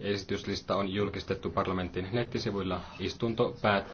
esityslista on julkistettu parlamentin nettisivuilla. Istunto päättyy.